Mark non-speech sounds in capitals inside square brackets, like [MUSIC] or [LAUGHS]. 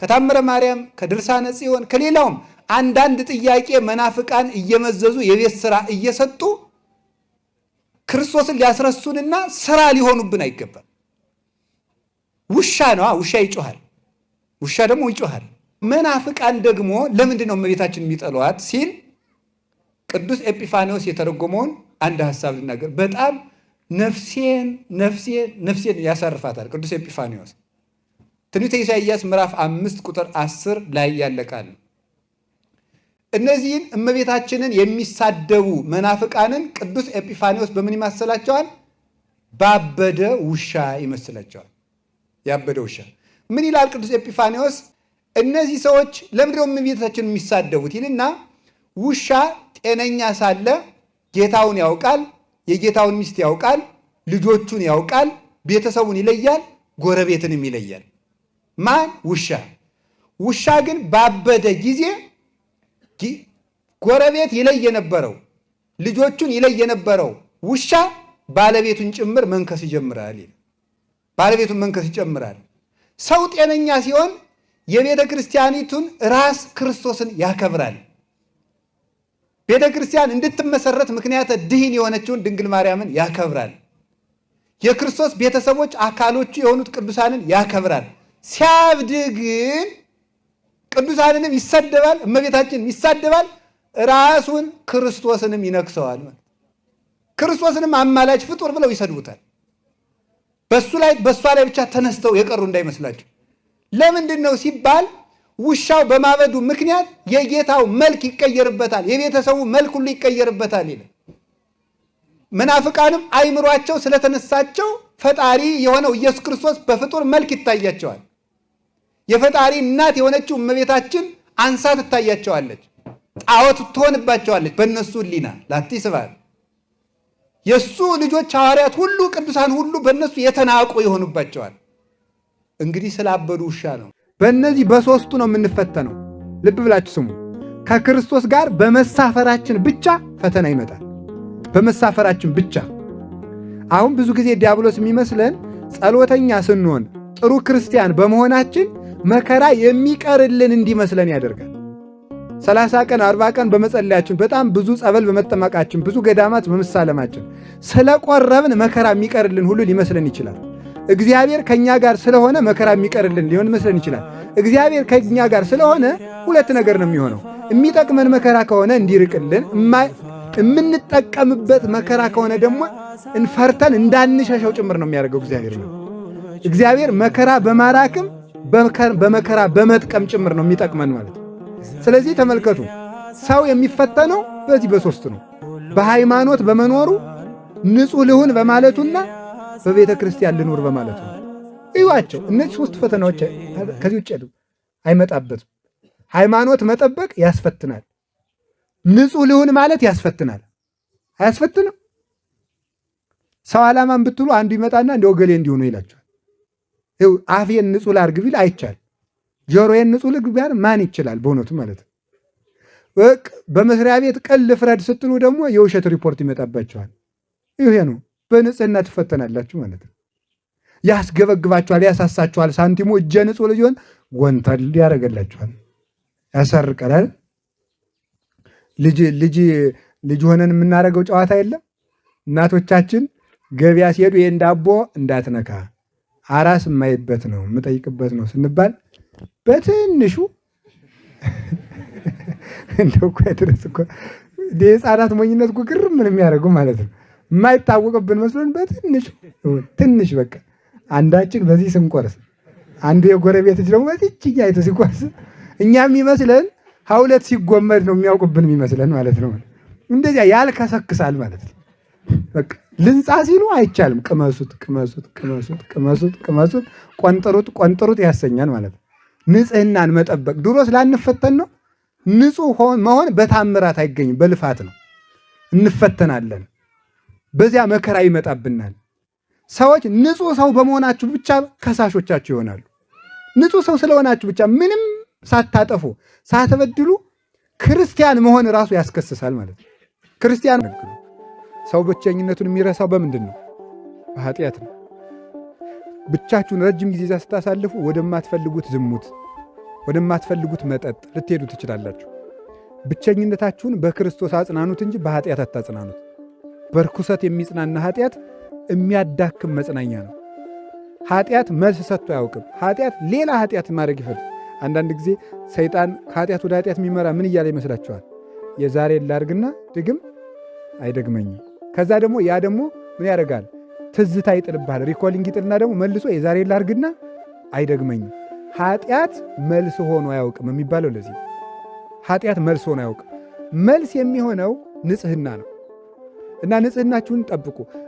ከታምረ ማርያም ከድርሳነ ጽዮን ከሌላውም አንዳንድ ጥያቄ መናፍቃን እየመዘዙ የቤት ስራ እየሰጡ ክርስቶስን ሊያስረሱንና ስራ ሊሆኑብን አይገባም። ውሻ ነዋ፣ ውሻ ይጮኋል ውሻ ደግሞ ይጮኋል? መናፍቃን ደግሞ ለምንድን ነው እመቤታችን የሚጠሏት ሲል ቅዱስ ኤጲፋኒዎስ የተረጎመውን አንድ ሀሳብ ልናገር። በጣም ነፍሴን ነፍሴን ነፍሴን ያሳርፋታል ቅዱስ ኤጲፋኒዎስ ትንቢተ ኢሳይያስ ምዕራፍ አምስት ቁጥር አስር ላይ ያለቃል። እነዚህን እመቤታችንን የሚሳደቡ መናፍቃንን ቅዱስ ኤጲፋኒዎስ በምን ይመስላቸዋል? ባበደ ውሻ ይመስላቸዋል። ያበደ ውሻ ምን ይላል ቅዱስ ኤጲፋኒዎስ? እነዚህ ሰዎች ለምንድነው እመቤታችንን የሚሳደቡት ይልና ውሻ ጤነኛ ሳለ ጌታውን ያውቃል፣ የጌታውን ሚስት ያውቃል፣ ልጆቹን ያውቃል፣ ቤተሰቡን ይለያል፣ ጎረቤትንም ይለያል። ማን ውሻ። ውሻ ግን ባበደ ጊዜ ጎረቤት ይለይ የነበረው ልጆቹን ይለይ የነበረው ውሻ ባለቤቱን ጭምር መንከስ ይጀምራል። ባለቤቱን መንከስ ይጨምራል። ሰው ጤነኛ ሲሆን የቤተ ክርስቲያኒቱን ራስ ክርስቶስን ያከብራል። ቤተ ክርስቲያን እንድትመሰረት ምክንያት ድህን የሆነችውን ድንግል ማርያምን ያከብራል። የክርስቶስ ቤተሰቦች አካሎቹ የሆኑት ቅዱሳንን ያከብራል። ሲያብድ ግን ቅዱሳንንም ይሳደባል፣ እመቤታችንም ይሳደባል፣ ራሱን ክርስቶስንም ይነክሰዋል። ክርስቶስንም አማላጅ ፍጡር ብለው ይሰድቡታል። በሱ ላይ በእሷ ላይ ብቻ ተነስተው የቀሩ እንዳይመስላቸው። ለምንድን ነው ሲባል ውሻው በማበዱ ምክንያት የጌታው መልክ ይቀየርበታል፣ የቤተሰቡ መልክ ሁሉ ይቀየርበታል ይላል። መናፍቃንም አይምሯቸው ስለተነሳቸው ፈጣሪ የሆነው ኢየሱስ ክርስቶስ በፍጡር መልክ ይታያቸዋል። የፈጣሪ እናት የሆነችው እመቤታችን አንሳ ትታያቸዋለች፣ ጣዖት ትሆንባቸዋለች። በእነሱ ሊና ላቲ ስባል የእሱ ልጆች ሐዋርያት ሁሉ ቅዱሳን ሁሉ በእነሱ የተናቁ የሆኑባቸዋል። እንግዲህ ስላበዱ ውሻ ነው። በእነዚህ በሦስቱ ነው የምንፈተነው። ልብ ብላችሁ ስሙ። ከክርስቶስ ጋር በመሳፈራችን ብቻ ፈተና ይመጣል። በመሳፈራችን ብቻ። አሁን ብዙ ጊዜ ዲያብሎስ የሚመስለን ጸሎተኛ ስንሆን ጥሩ ክርስቲያን በመሆናችን መከራ የሚቀርልን እንዲመስለን ያደርጋል። ሰላሳ ቀን አርባ ቀን በመጸለያችን በጣም ብዙ ጸበል በመጠመቃችን ብዙ ገዳማት በመሳለማችን ስለቆረብን መከራ የሚቀርልን ሁሉ ሊመስለን ይችላል። እግዚአብሔር ከእኛ ጋር ስለሆነ መከራ የሚቀርልን ሊሆን ይመስለን ይችላል። እግዚአብሔር ከእኛ ጋር ስለሆነ ሁለት ነገር ነው የሚሆነው። የሚጠቅመን መከራ ከሆነ እንዲርቅልን፣ የምንጠቀምበት መከራ ከሆነ ደግሞ እንፈርተን እንዳንሸሸው ጭምር ነው የሚያደርገው እግዚአብሔር ነው። እግዚአብሔር መከራ በማራክም በመከራ በመጥቀም ጭምር ነው የሚጠቅመን ማለት ነው። ስለዚህ ተመልከቱ፣ ሰው የሚፈተነው በዚህ በሶስት ነው። በሃይማኖት በመኖሩ ንጹህ ልሁን በማለቱና በቤተ ክርስቲያን ልኑር በማለቱ ነው። እዩዋቸው እነዚህ ሶስት ፈተናዎች ከዚህ ውጭ አይመጣበትም። ሃይማኖት መጠበቅ ያስፈትናል። ንጹህ ልሁን ማለት ያስፈትናል። አያስፈትንም። ሰው ዓላማን ብትሉ አንዱ ይመጣና እንደ ወገሌ እንዲሆኑ ይላቸው አፌን ንጹህ ላርግ ቢል አይቻል። ጆሮዬን ንጹህ ልግ ቢያል ማን ይችላል? በእውነቱ ማለት ነው። በመስሪያ ቤት ቀን ልፍረድ ስትሉ ደግሞ የውሸት ሪፖርት ይመጣባቸዋል። ይሄ ነው። በንጽህና ትፈተናላችሁ ማለት ነው። ያስገበግባችኋል፣ ያሳሳችኋል። ሳንቲሙ እጀ ንጹህ ልጅሆን ጎንተል ያደርገላችኋል፣ ያሰርቀላል። ልጅ ልጅ ልጅ ሆነን የምናደርገው ጨዋታ የለም። እናቶቻችን ገበያ ሲሄዱ ይሄን ዳቦ እንዳትነካ አራስ የማይበት ነው የምጠይቅበት ነው ስንባል በትንሹ [LAUGHS] እንደው ድረስ እኮ የህፃናት ሞኝነት ጉግር ምን የሚያደርጉ ማለት ነው። የማይታወቅብን መስሎን በትንሹ ትንሽ በቃ አንዳችን በዚህ ስንቆርስ፣ አንዱ የጎረቤት ደግሞ በዚችኛ አይቶ ሲቆርስ እኛ የሚመስለን ሀውለት ሲጎመድ ነው የሚያውቅብን የሚመስለን ማለት ነው። እንደዚያ ያልከሰክሳል ማለት ነው በቃ ልንጻ ሲሉ አይቻልም። ቅመሱት ቅመሱት ቅመሱት ቅመሱት ቅመሱት ቆንጥሩት ቆንጥሩት ያሰኛል ማለት ነው። ንጽህናን መጠበቅ ድሮ ስላንፈተን ነው። ንጹህ መሆን በታምራት አይገኝም፣ በልፋት ነው። እንፈተናለን። በዚያ መከራ ይመጣብናል። ሰዎች ንጹህ ሰው በመሆናችሁ ብቻ ከሳሾቻችሁ ይሆናሉ። ንጹህ ሰው ስለሆናችሁ ብቻ ምንም ሳታጠፉ ሳትበድሉ ክርስቲያን መሆን ራሱ ያስከስሳል ማለት ነው። ክርስቲያን ሰው ብቸኝነቱን የሚረሳው በምንድን ነው? በኃጢአት ነው። ብቻችሁን ረጅም ጊዜ እዛ ስታሳልፉ ወደማትፈልጉት ዝሙት፣ ወደማትፈልጉት መጠጥ ልትሄዱ ትችላላችሁ። ብቸኝነታችሁን በክርስቶስ አጽናኑት እንጂ በኃጢአት አታጽናኑት። በርኩሰት የሚጽናና ኃጢአት የሚያዳክም መጽናኛ ነው። ኃጢአት መልስ ሰጥቶ አያውቅም። ኃጢአት ሌላ ኃጢአት ማድረግ ይፈል አንዳንድ ጊዜ ሰይጣን ከኃጢአት ወደ ኃጢአት የሚመራ ምን እያለ ይመስላችኋል? የዛሬ ላርግና ድግም አይደግመኝም ከዛ ደግሞ ያ ደግሞ ምን ያደርጋል? ትዝታ ይጥልብሃል። ሪኮሊንግ ይጥልና ደግሞ መልሶ የዛሬ ላርግና አይደግመኝም። ኃጢአት መልስ ሆኖ አያውቅም የሚባለው ለዚህ ኃጢአት መልስ ሆኖ አያውቅም። መልስ የሚሆነው ንጽህና ነው እና ንጽህናችሁን ጠብቁ።